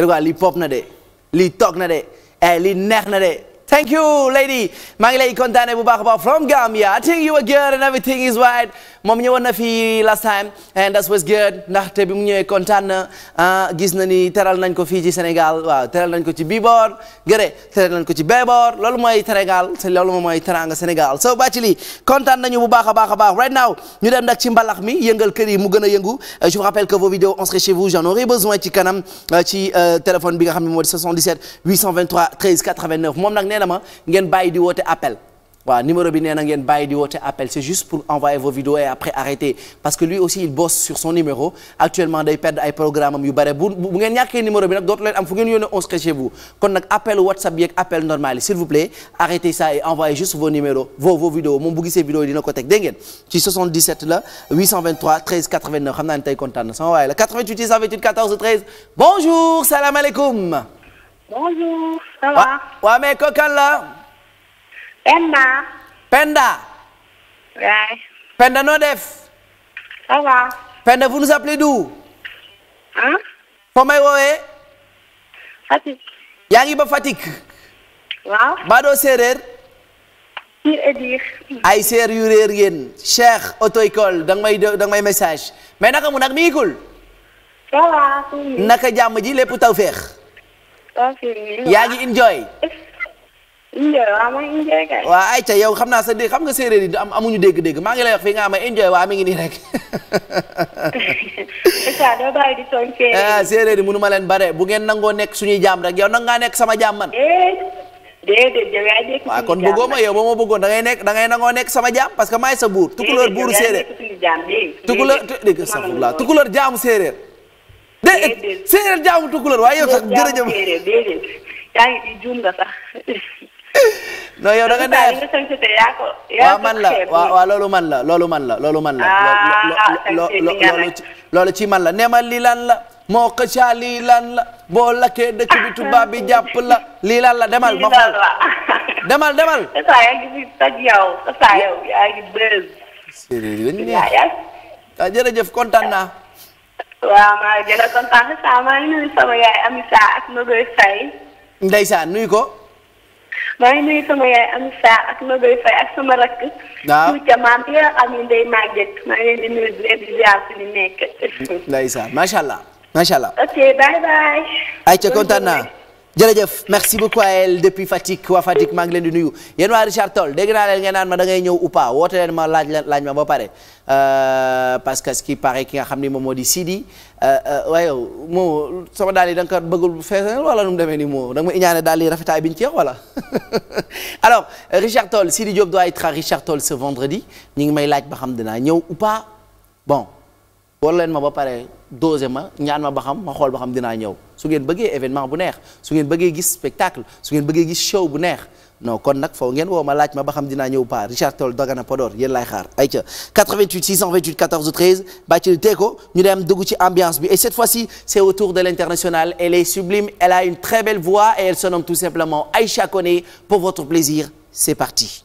kene quoi lii na de lii toog na de eh lii neex na de thank you lady maa ngi lay kontaane bu baax a baax from Gambia I think you were good and everything is right moom ñëwoon na fii last time and that was good ndaxte bi mu ñëwee kontaan na ah, gis na ni teral nañ ko fii ci Sénégal waaw teral nañ ko ci bii boor teral nañ ko ci bee boor loolu mooy Sénégal loolu mooy teranga Sénégal so bàcci li kontaan nañu bu baax a baax a baax right now ñu dem nag ci mbalax mi yëngal yi mu gën a yëngu euh, je vous rappelle que vos vidéos on chez vous na ma bi nee na ngeen bàyyi di woote appel c'est juste pour envoyer vos vidéos et après arrêter parce que lui aussi il bosse sur son numéro actuellement day perdre ay programme am yu bare bu bu ngeen ñàkkee numéro bi nag dootu leen am fu ngeen yónnee on se chez vous nag appel whatsapp yeeg appel normal s'il vous plaît arrêtez ça et envoyez juste vos numéros vos vos vidéos moom bu gisee vidéo yi dina ko teg dégg ngeen ci 77 na bonjour. ça va waaw mais ko kan la. Penda. Penda. noo def. Penda vous nous appelez d'où. foo may woowee. yaa ngi ba Fatick. waaw. Badoo séeréer. ay séer yu réer yéen Cheikh auto école danga may message mais naka mu nag mi ngi cool. ça va. naka jàmm ji lépp taw feex. yaa ngi enjoy. enjoy waaw mooy yow xam naa sa dégg xam nga séeréer yi am amuñu dégg-dégg maa ngi lay wax fii nga xam ne enjoy waa mi ngi nii rek. incha séeréer yi ah, mënu ma leen bare bu ngeen nangoo nekk suñuy jaam rek yow nag ngaa nekk sama jaam man. Eh, déedéet kon bëggoo ma yow ba ma bëggoon da ngay nekk da ngay nangoo nekk sama jaam parce que maay sa buur. tukulóor buuru séeréer eh. tukulóor jaamu séeréer déedéet séeréer jaamu tukulóor waaye yow sax jërëjëf déedéet yaa ngi juum nga sax. non la loolu man la loolu man la loolu man ah, loolu ci man la nee ma lan la moo xëcaa lii lan la boo lakkee dëkk bi ah, tubaab bi ah. jàpp la lii lan la demal ma xool demal demal. yow. jërëjëf waaw maa ngi gën a kontaan saa maa ngi nuyu sama yaay Amisa ak Nogoy Faye. ndeysaan nuyu ko. maa ngi nuyu sama yaay Amisa ak Nogoy Faye ak sama rakk. waaw suuf ca maam bi nga xam ne Ndeye Maguette maa ngi leen di nuyu di leen di ziar fi ñu nekk. allah macha allah. ok bye bye. ayca kontaan jërëjëf merci beaucoup à elle depuis Fatick waa Fatick maa ngi leen di nuyu yéen waa Richard Toll dégg naa leen ngeen naan ma da ngay ñëw ou pas woote leen ma laaj leen laaj ma ba pare euh, parce que ce qui ki nga xam ni moom moo di Sidi euh, euh, waaye moom sama daal yi da nga bëggul feesal wala nu mu demee nii moom da ma iñaane daal yi rafetaay bi ñu ci wax wala alors Richard Toll Sidi Diop doit être à Richard Toll ce vendredi ñu ngi may laaj ba xam dinaa ñëw ou bon woote leen ma ba pare dosé ma ñaan ma ba xam ma xool ba xam dinaa ñëw. su ngeen bëggee événement bu neex su geen bëggee gis spectacle su ngeen bëggee gis show bu neex non kon nag foo woo ma laaj ma ba xam dinaa ñëw pa Richard Toll Dagana Podor yéen laay xaar ayca 88 628 14 13 ambiance bi et cette fois-ci c'est au tour de l'international elle est sublime elle a une très belle voix et elle se nomme tout simplement Aïcha Koné pour votre plaisir c'est parti